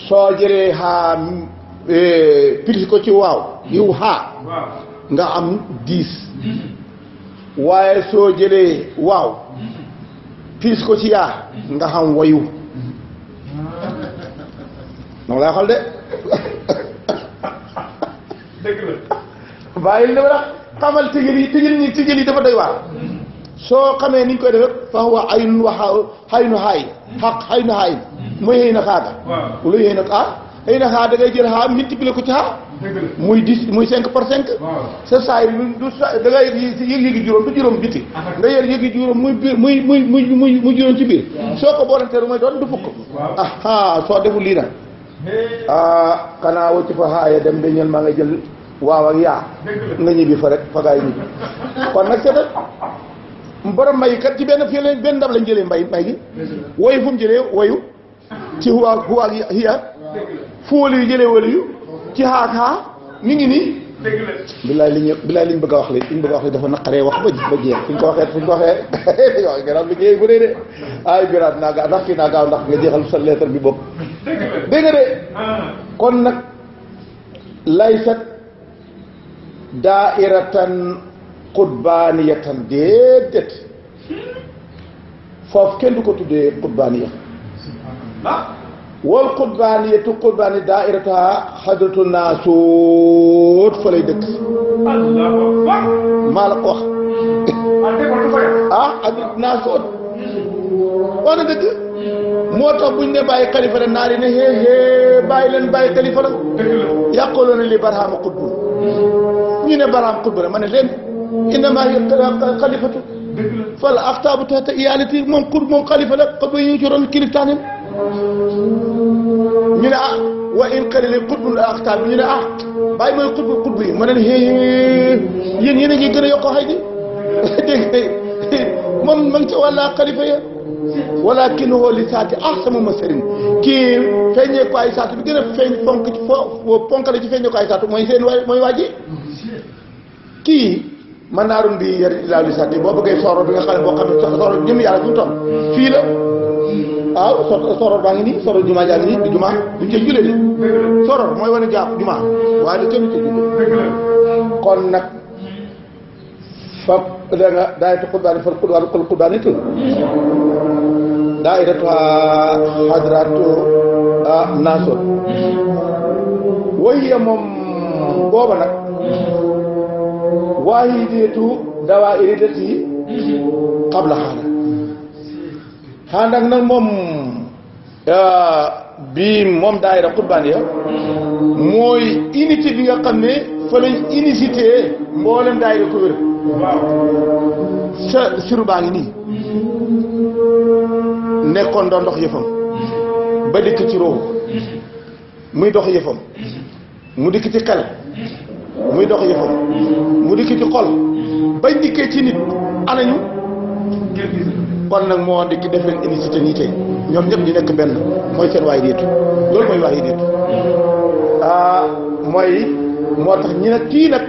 soo jëlee xaa eh, piri ko ci waaw yiw xaa nga am dix waaye soo jëlee waaw piri ko ci yaa nga xam wayu noonu lay xool de dëgg la bàyyil dama la xamal tigil yi tigil yi dafa doy waar soo xamee ni koy defee fa wax ayun wax xay nu xaay xaq xay nu xaay mooy xëy na xaaga lu xëy na xaa xëy na xaa da ngay jël xaa multiplier ko ci muy dix muy cinq par cinq sa saay du sa da ngay yëg-yëgi juróom du juróom biti nga yëg yëgi juróom muy biir muy muy muy muy juróom ci biir soo ko boolantee du may doon du fukk ah soo deful lii nag ah xanaa wacc fa xaaya dem de ñël maa nga jël waaw ak yaa nga ñibbi fa rek fagaay ñibbi kon nag seetal borom mbay kat ci benn fii lañ benn ndab lañ jëlee mbay mbay gi woyu fu mu jëlee woyu ci xuwaa xuwaag xiya fu wólu yu jëlee wólu yu ci xaak xaa mi ngi nii bilaay li ñu bilaay li bëgg a wax li ñu bëgg a wax li dafa naqaree wax ba ba jeex fu ñu ko waxee fu ko waxee wax garab bi ñëwee bu dee de ay biraat naa gaaw naa gaaw ndax nga jeexal sa lettre bi bopp dégg nga de ah. kon nag laysat daairatan qutbaaniyatan déedéet foofu kenn du ko tuddee qutbaaniya wal qutbaaniyatu qutbaani daairata xadratu naasuut fa lay dëkk maa la ko wax ah ak ah, naasuut wax na dëgg moo ta buñ ne bàyyi xalifa la naar yi ne hee hee bàyyi leen bàyyi li barahama xutbu ñu ne barahama xutbu la ma ne leen innama xalifatu fal aftaabu tahta iyalati moom xut moom xalifa la xutbu yi ñu ci ron kiliftaanam ñu ne ah wa in qalil xutbul aftaabu ñu ne ah bàyyi mooy xutbu xutbu yi ma ne hee hee yéen yéen a ngi gën a yokk xay di [LAUGHS] dégg moom ma walakin huwa li saati ahsama masarin kii feeñee ay saatu bi gën a feeñ ponk ci fo ponkale ci feeñee ko ay saatu mooy seen wa mooy kii man naarum bi yar ilaa li saati boo bëggee sooro bi nga xam ne boo xam ne sooro jëm yàlla fu mu toll fii la waaw so soror baa ngi nii soror jumaa jaa nii du jumaa duñ ca julee de soror mooy wane jàpp jumaa waaye kenn kon nag fa da daay ta xutbaani fal xutbaani xul daa'iratuhaa hadratu Nasor wahiya moom booba nag waahidatu dawaa'iri lati qabla xaanak xaanak nag moom bii moom daayira qurbaaniya mooy unité bi nga xam ne fa lañ unicité mboolem daayira ko wér nekkoon doon dox yëfam ba dikk ci ruuxu muy dox yëfam mu dikk ci xel muy dox yëfam mu dikk ci xol bañ dikkee ci nit anañu kon nag moo dikk def leen unicité nii tey ñoom ñëpp di nekk benn mooy seen waay déetu loolu mooy waay déetu ah mooy moo tax ñi nag kii nag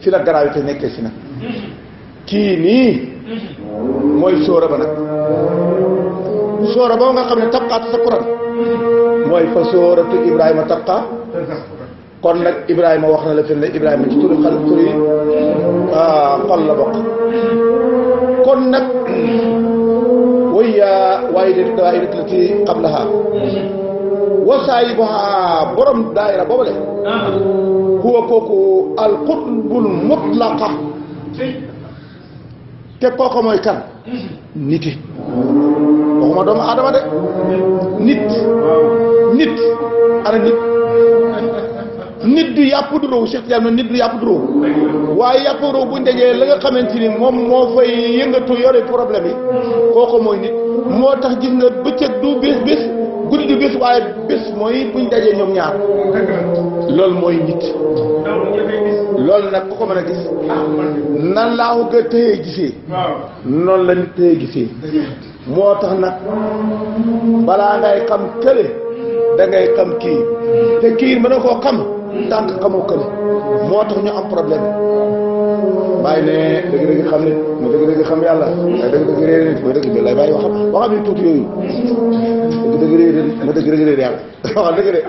ci la gravité nekkee si nag kii nii mooy sóora ba nag soora boo nga xam ne tabqaatu sa kuran mooy fa sooratu Ibrahima tabqa kon nag Ibrahima wax na la fi ne Ibrahima ci turi xal ah, turi xol la bokk kon nag wayya waaye def daa irat la ci qablaha wa saayibaha borom daayira boobale huwa kooku al qutbul mutlaqa te kooku mooy kan niti waxuma doomu aadama de nit nit ana nit nit du yàpp du róow Cheikh Tidiane nit du yàpp du róow waaye yàpp róow bu ndajee la nga xamante ni moom moo fay yëngatu yore problème yi kooku mooy nit moo tax gis nga bëccëg du bés bés guddi du bés waaye bés mooy buñ dajee ñoom ñaar loolu mooy nit loolu nag ku ko mën a gis nan laa ko gën a gisee noonu la nit tëyee gisee moo tax nag balaa ngay xam kële da xam kii te kii mën na koo xam tànk xamoo kële moo tax ñu am problème bàyyi ne dëgg-dëgg xam nit mu dëgg-dëgg xam yàlla ay dëgg-dëgg réer nit mu dëgg dëgg-dëgg yàlla waxam dëgg de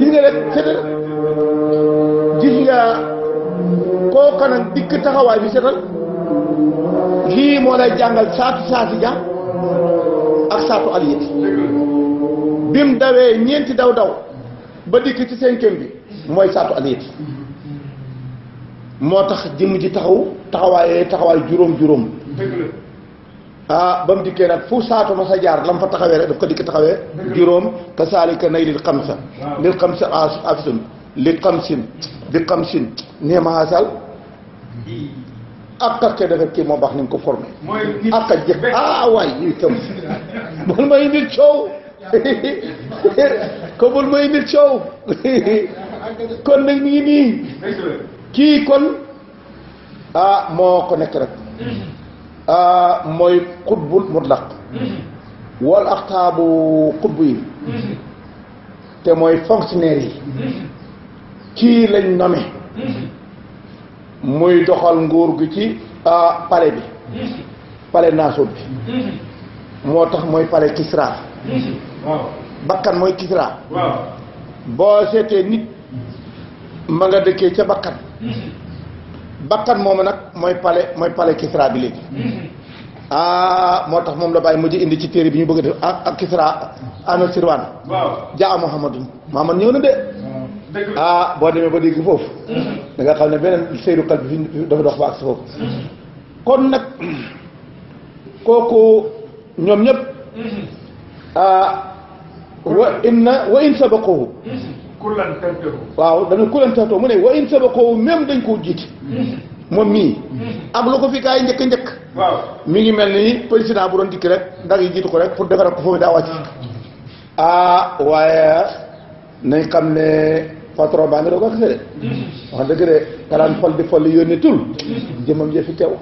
yi nga rek seetal gis nga koo kanam dikk taxawaay bi seetal lii moo lay jàngal saatu saati ja ak saatu aliyet bim dawee ñeenti daw daw ba dikk ci cinquième bi mooy saatu aliyet moo tax jëmm ji taxaw taxawaaye taxawaay juróom juróom ah, ba mu dikkee nag fu saatu ma sa jaar lam fa taxawee rek daf ko dikk taxawee juróom kasaalika nay lil xamsa lil ak afsun li xamsin bi xamsin nee ma xasal ak te dafa kii moo baax ni ko formé. ak a jëkk ah waay yii tam bul ma indil coow [LAUGHS] ko ma indil coow [LAUGHS] kon nag mi ngi nii kii kon ah moo ko nekk rek ah, mooy xutbul mutlaq wal axtaabu xutb yi te mooy fonctionnaire yi kii lañ nommé muy doxal nguur gi ci palais bi palais naasut bi moo tax mooy palais Kisra bakkan mooy Kisra boo seetee nit ma nga dëkkee ca bakkan bakkan moomu nag mooy palais mooy pale Kisra bi léegi ah moo tax moom la bàyyi mujj indi ci téere bi ñu bëgg a def ak Kisra ano sirwan jaa Muhammadun ñëw na de ah boo demee ba dégg foofu mm-hmm. da nga xam ne beneen seyru xel bi fi dafa dox ba ak sa foofu mm-hmm. kon nag kooku ñoom ñëpp mm-hmm. ah wa in na wa in sabaqoohu kulan tantoo waaw dañu kulan tantoo mu ne wa in sabaqoohu même dañ koo jiite moom mii ak lu ko fi kaay njëkk njëkk waaw mi ngi mel ni président bu doon dikki rek ndax yi jiitu ko rek pour defaral ko foofu daa wàcc ah waaye nañ xam ne patron baa ngi doog a xëy de wax dëgg de ka fol di fol yónni tul jëmam jëfi teew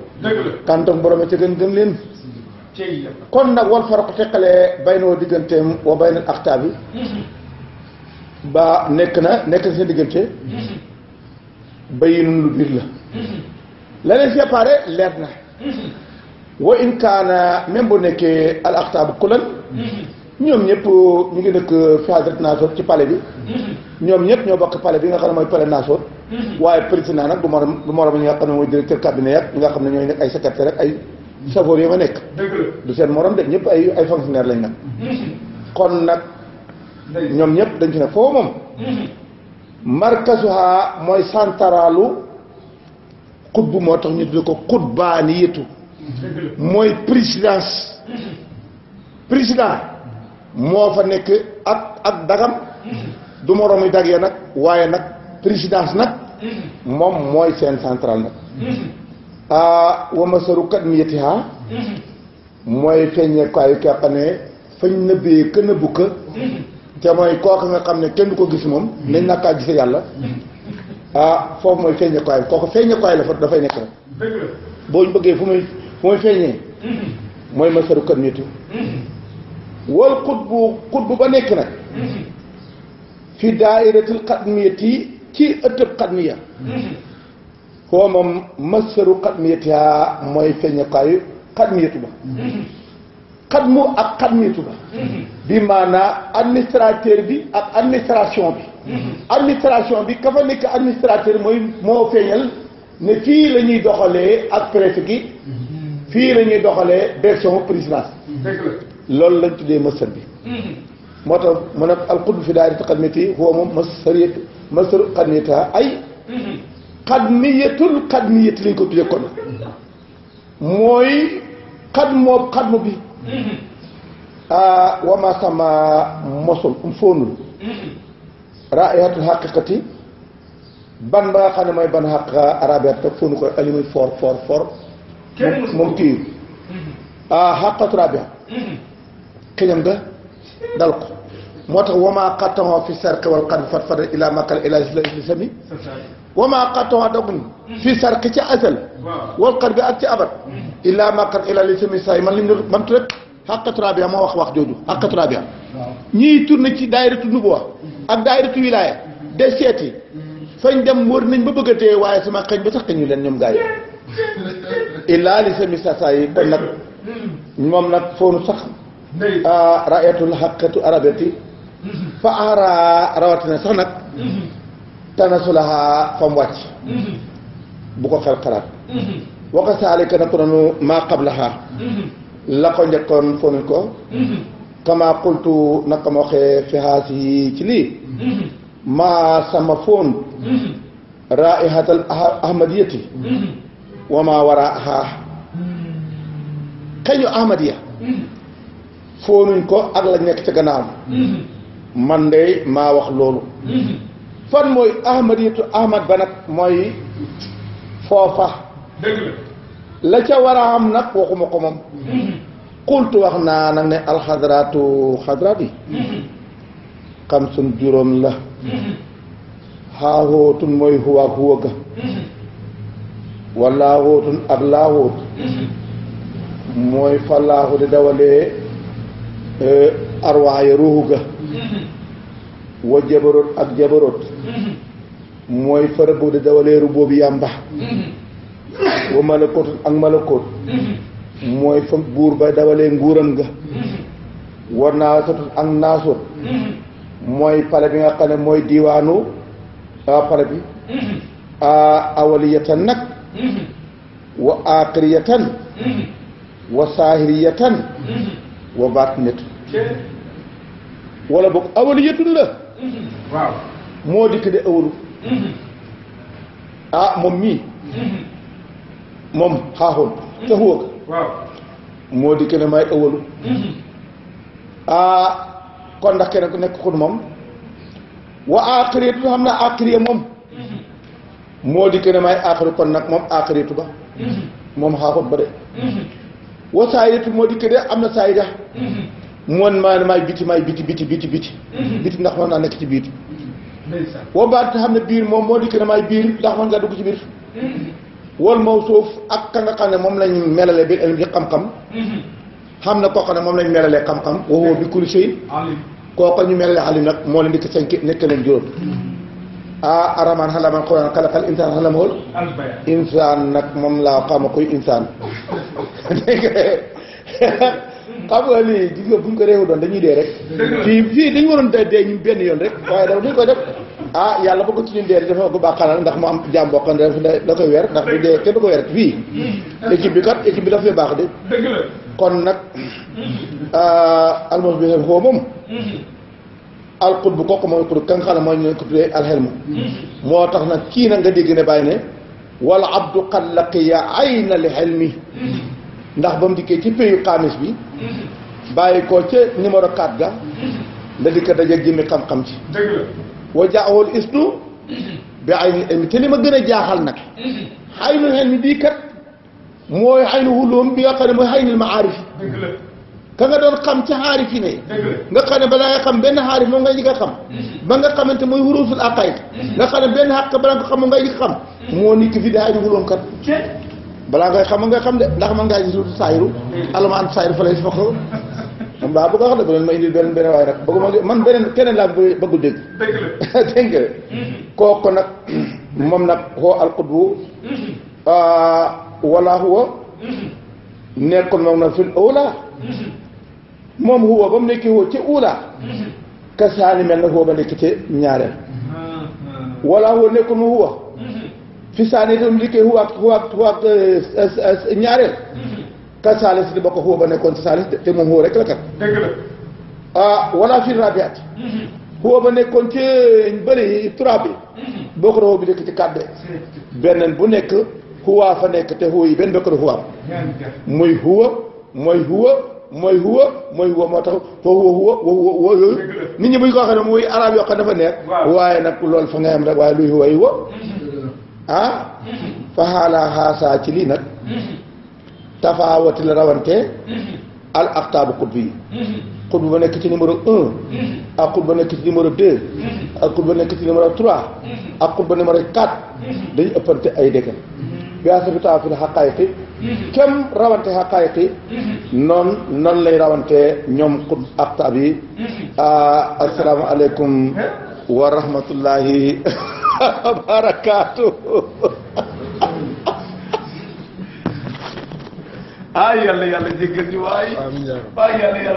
kantoog borom ca gën gëm leen kon nag wal faraqu teqalee bay digganteem wa bay na ba nekk na nekk na seen diggante bayi lu biir la la leen séparé leer na wa in kaana même nekkee al axtaabu kulan ñoom ñëpp ñu ngi dëkk fi Hadrat Nassour ci pale bi ñoom ñëpp ñoo bokk pale bi nga xam ne mooy palais Nassour waaye président nag du morom du morom ñi nga xam xam ne ñooy nekk ay secrétaire ak ay nekk du seen morom de ñëpp ay ay fonctionnaire lañ nag kon nag ñoom ñëpp dañu fi ne foo moom markasuha mooy santaraalu xutbu moo tax ñu tudd ko xutbaani yëtu mooy présidence président moo fa nekk ak ak dagam du moroomi dag ya nag waaye nag présidence nag moom mooy seen central nag a wamasaru kat mi yëti ha mooy feeñeekaayu ka xam ne fañ nëbbee ka nëbbu nga xam ne kenn du ko gis moom nañ naa kaa gise yàlla ah kooku feeñeekaay la dafay nekk rek boo ñu bëggee fu muy fu muy feeñee mooy masaru kat mi wal xutbu xutbu ba nekk nag fi daairatil xatmiyati ci ëttëb xatmiya koo moom masaru xatmiyatiha mooy feeñukaayu xatmiyatu ba xatmu ak xatmiyatu ba bi maanaa administrateur bi ak administration bi administration bi ka fa nekk administrateur mooy moo feeñal ne fii la doxalee ak préfet gi fii la doxalee direction présidence loolu lañ tuddee mastar bi moo tax mu ne alxutb fi daari xadmiti huwa moom mastariyatu mastaru xadmita ay xadmiyatul xadmiyati lañ ko tuddee kon mooy xadmoo xadmu bi wama sama mosul um foonul raihatul xaqiqati ban ba nga xam ne mooy ban xaq arabiat rek foonu ko alimuy for for for moom kii xaqatu rabia xiñam ga dal ko moo tax wama xattanoo fi sarqi wal xat bi fat fat ilaa makal ilaa la si sami wama xattanoo dagun fi sarqi ca ak ci abat ilaa makal ilaa li sami saa yi man lim man tu rek xàq trabia moo wax wax jooju xàq trabia ñii tourné ci daayiratu nubuwa ak de seeti fañ ba bëgg a dee waaye sama xëñ ba sax xëñu leen ñoom gars yi illaa li sami saa saa yi nag moom nag sax Ah, raayatul xaqatu arabati fa aara rawatina sax nag tanasulaha fa mu wàcc bu ko xel xalaat waka saalika nako noonu maa qablaha la ko njëkkoon fonuñ ko kama qultu naka ma waxee fi haasi ci lii maa sama foon raihatal ahmadiyati wa ma waraaha xeñu ahmadiya fóonuñ ko ak la nekk ca gannaawam mm-hmm. man de maa wax loolu mm-hmm. fan mooy ahmadiyatu ahmad ba nag mooy foofa la ca war nag waxuma ko xultu mm-hmm. wax naa nag ne alxadratu xadrat yi xam suñ juróom la xaaxootun mooy xuwaak xuwa ga wallaaxootun ak laaxoot mooy fa di dawalee Eh, arwaax ya ruuxu ga wa jabaroot ak jabaroot mooy fara bëgg da dawaleeru boobu yàmba wa malakoot ak malakoot mooy fa buur ba dawalee nguuram ga war naa ak naasoot mooy pale bi nga xam mooy diiwaanu ah, pale bi nag wa aaxiriyatan wa saahiriyatan wa baatinatu wala boog awaliyatun la waaw moo dikk de awalu mm-hmm. ah moom mii mm-hmm. moom xaaxoon mm-hmm. te xuwa moo dikk ne may awalu ah, kon ndax keneen ku nekk xun moom wa aaxiriyatu xam naa aaxiriya moom moo dikk ne may aaxiru kon nag moom aaxiriyatu ba moom xaaxoon ba de wa saayidatu moo dikk de am na saayida mu wan maa ne maay biti maay biti biti biti biti mhm. biti ndax mën naa nekk ci biir woo mhm. baat xam ne biir moom moo dikk ne maay biir ndax mën ngaa dugg ci biir mhm. wal mawsuuf ak ka nga xam ne moom lañ melale bi ilm di xam-xam xam na koo xam ne moom lañ melalee xam-xam waxoo bi kulli shay kooku ñu melalee alim nag moo leen dikk cinq nekk leen juróom ah araman xalaman xuraan xalaqal insaan xalam xool insaan nag moom laa xama koy insaan [LAUGHS] [LAUGHS] xam nga lii gis nga buñ ko réewu doon dañuy dee rek fii fii dañu waroon dee dee ñu benn yoon rek waaye dafa duñ ko def ah yàlla ko ci ñun dee dafa ko bàqaanal ndax mu am jaam boo xam ne koy weer ndax bu dee te du ko weer fii équipe bi kat équipe bi baax de kon nag ah, almos bi foo moom alxut mooy xut ka nga xam ko tuddee moo tax nag kii nag nga dégg ne bàyyi ne wala abdu ya ay ayna li xelmi ndax ba mu dikkee ci péyu xaamis bi bàyyi ko ca numéro 4 ga la di ko dajeeg xam-xam ci wa jaawul isnu bi ay te li ma gën a jaaxal nag xay nu xel mi bii kat mooy xay nu wulóom bi nga xam ne mooy xay nil ma aarif ka nga doon xam ca xaarif yi ne nga xam ne balaa nga xam benn xaarif moom nga a xam ba nga xamante mooy wuruusul aqaid nga xam ne benn xàq balaa nga xam moom nga jëkk xam moo nit ki fi di xay nu kat balaa ngay xam nga xam de ndax man ngaa gis lu saayiru alamaan saayiru fa lay si fokk moom daa bëgg a wax de ba leen ma indi beneen beneen waay rek bëgguma man beneen keneen laa bëggu dégg [LAUGHS] dégg nga mm-hmm. kooku nag [CLEARS THROAT] moom nag xoo alxutbu mm-hmm. wala huwa mm-hmm. nekkoon moom nag moom huwa ba mu nekki huwa ci ula ka saani mel na huwa ba nekki ci ñaareel ah, ah. wala huwa nekkoon mu huwa fi saaniyatul liggéey huwa huwa huwa ñaareel ka saalis di bokk huwa ba nekkoon si saalis te moom huwa rek la kat dëgg la ah huwa ba nekkoon ci bëri trois bi bokk na huwa bi nekk ci quatre bu nekk huwa fa nekk te huwa yi benn bokk na huwa muy huwa mooy huwa mooy huwa mooy huwa moo tax foofu huwa huwa huwa yooyu nit ñi buñ ko waxee ne muy arab yoo xam dafa neex waaye nag loolu fa nga yem rek waaye luy huwa yi huwa ah fa xaalaa xaasaa ci lii nag tafaawati rawante al axtaabu xutb yi xutb ba nekk ci numéro un ak xutb ba nekk ci numéro deux ak xutb ba nekk ci quatre dañu ëppante ay dëkkan biasa bi taa fil xaqaayiqi kem rawante xaqaayiqi noon noonu lay rawante ñoom xutb axtaab yi asalaamaaleykum ah, wa rahmatullahi [LAUGHS] wa barakaatu ay yàlla yàlla jéggal ñu waay amiin waay yàlla yàlla